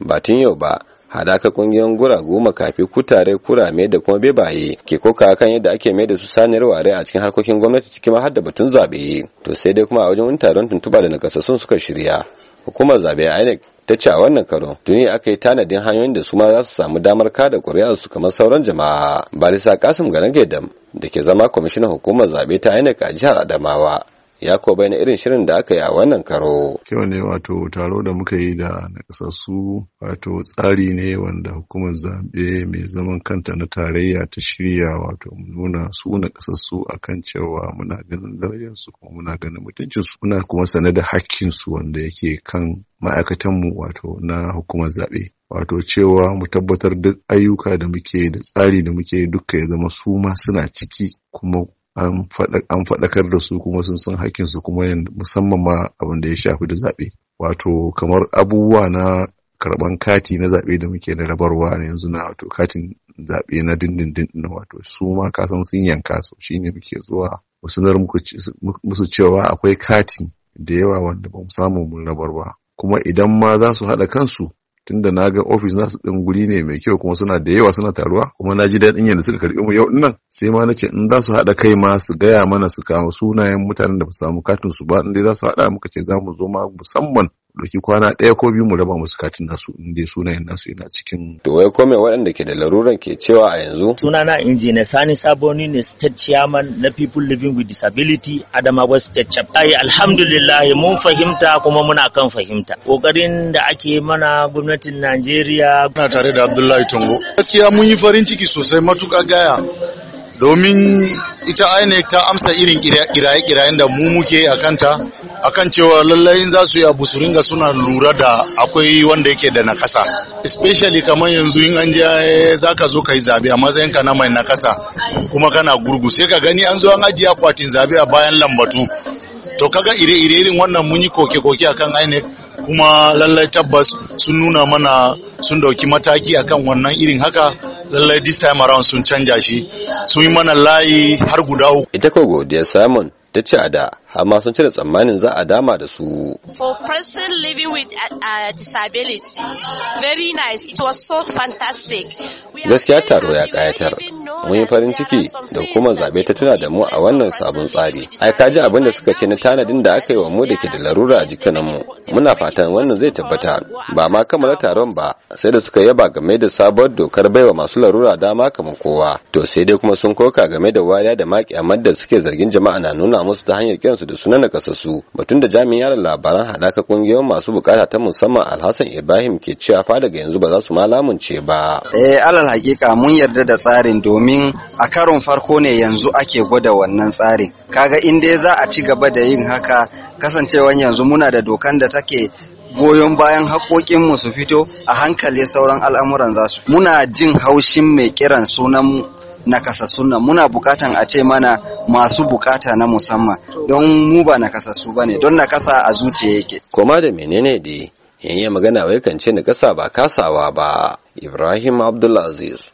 ba tun yau ba hadaka kungiyoyin guragu makafi kutare kurame da kuma bebaye ke koka kan yadda ake mai da su saniyar ware a cikin harkokin gwamnati cikin ma har batun zabe to sai dai kuma a wajen wani taron tuntuba da nakasassun suka shirya hukumar zabe INEC ta ce a wannan karo tuni aka yi tanadin hanyoyin da su ma za su samu damar kada kuri'a su kamar sauran jama'a barisa kasim garin da ke zama kwamishinan hukumar zabe ta INEC a jihar adamawa ya ko bayyana irin shirin da aka yi a wannan karo. Kyau ne wato taro da muka yi da nakasassu wato tsari ne wanda hukumar zaɓe mai zaman kanta na tarayya ta shirya wato nuna su nakasassu kan cewa muna ganin darajarsu kuma muna ganin mutuncinsu muna kuma sane da hakkinsu wanda yake kan ma'aikatanmu wato na hukumar zaɓe. wato cewa mu tabbatar duk ayyuka da muke da tsari da muke duka ya zama su ma suna ciki kuma an faɗakar da su kuma sun san hakkin su kuma musamman ma abin da ya shafi da zaɓe wato kamar abubuwa na karɓan kati na zaɓe da muke da rabarwa na yanzu na wato katin zaɓe na dindindin na wato su ma kasan sun yanka su shine muke zuwa wasu nar musu cewa akwai kati da yawa wanda ba mu samu mun rabarwa kuma idan ma za su haɗa kansu tunda na ga ofis nasu ɗin guri ne mai kyau kuma suna da yawa suna taruwa kuma na ji daɗin yadda suka karɓi mu yau nan sai ma na ce in za su haɗa kai ma su gaya mana su kama sunayen mutanen da ba samu katin su ba in dai za su haɗa muka ce za mu zo ma musamman Doki kwana ɗaya ko biyu mu raba musu katin nasu in dai sunayen nasu yana cikin. To wai kome waɗanda ke da laruran ke cewa a yanzu. Sunana injiniya Sani Saboni ne state chairman na people living with disability Adamawa state chapter. Ai alhamdulillah mun fahimta kuma muna kan fahimta. Kokarin da ake mana gwamnatin Najeriya. Ina tare da Abdullahi tungo Gaskiya mun yi farin ciki sosai matuƙa gaya. domin ita INEC ta amsa irin kiraye-kirayen da mu muke a kanta a kan cewa lallai za su yi abu su ringa suna lura da akwai wanda yake da nakasa especially kamar yanzu in an je za ka zo ka yi zabe a ka na mai nakasa kuma kana gurgu sai ka gani an zo an ajiye akwatin zabe a bayan lambatu to kaga ire-ire irin wannan mun yi koke-koke akan INEC kuma lallai tabbas sun nuna mana sun dauki mataki akan wannan irin haka lallai this time around sun canja shi sun yi mana layi har guda uku ita ko godiya samun ta ce a da amma sun cire tsammanin za a dama da su. For person living with a, uh, uh, disability, very nice. It was so fantastic. Gaskiya taro ya kayatar. mun yi farin ciki da hukumar zaɓe ta tuna da mu a wannan sabon tsari ai ka ji abin da suka ce na tanadin da aka yi wa mu da ke da larura a jikinanmu muna fatan wannan zai tabbata ba ma kamar taron ba sai da suka yaba game da sabuwar dokar baiwa masu larura dama kamar kowa to sai dai kuma sun koka game da wariya da maki amma da suke zargin jama'a na nuna musu ta hanyar kiransu da sunan nakasassu batun da jami'in yaran labaran haɗaka ƙungiyoyin masu bukata ta musamman alhassan ibrahim ke cewa fa daga yanzu ba za su ma lamunce ba eh alal hakika mun yarda da tsarin domin domin a karon farko ne yanzu ake gwada wannan tsarin kaga in dai za a ci gaba da yin haka kasancewan yanzu muna da dokan da take goyon bayan mu su fito a hankali sauran al'amuran za su muna jin haushin mai kiran sunan kasa nan muna bukatan a ce mana masu bukata na musamman don mu ba kasa su bane don nakasa a zuciya yake koma da menene dai yayin magana wai kance na nakasa ba kasawa ba ibrahim abdulaziz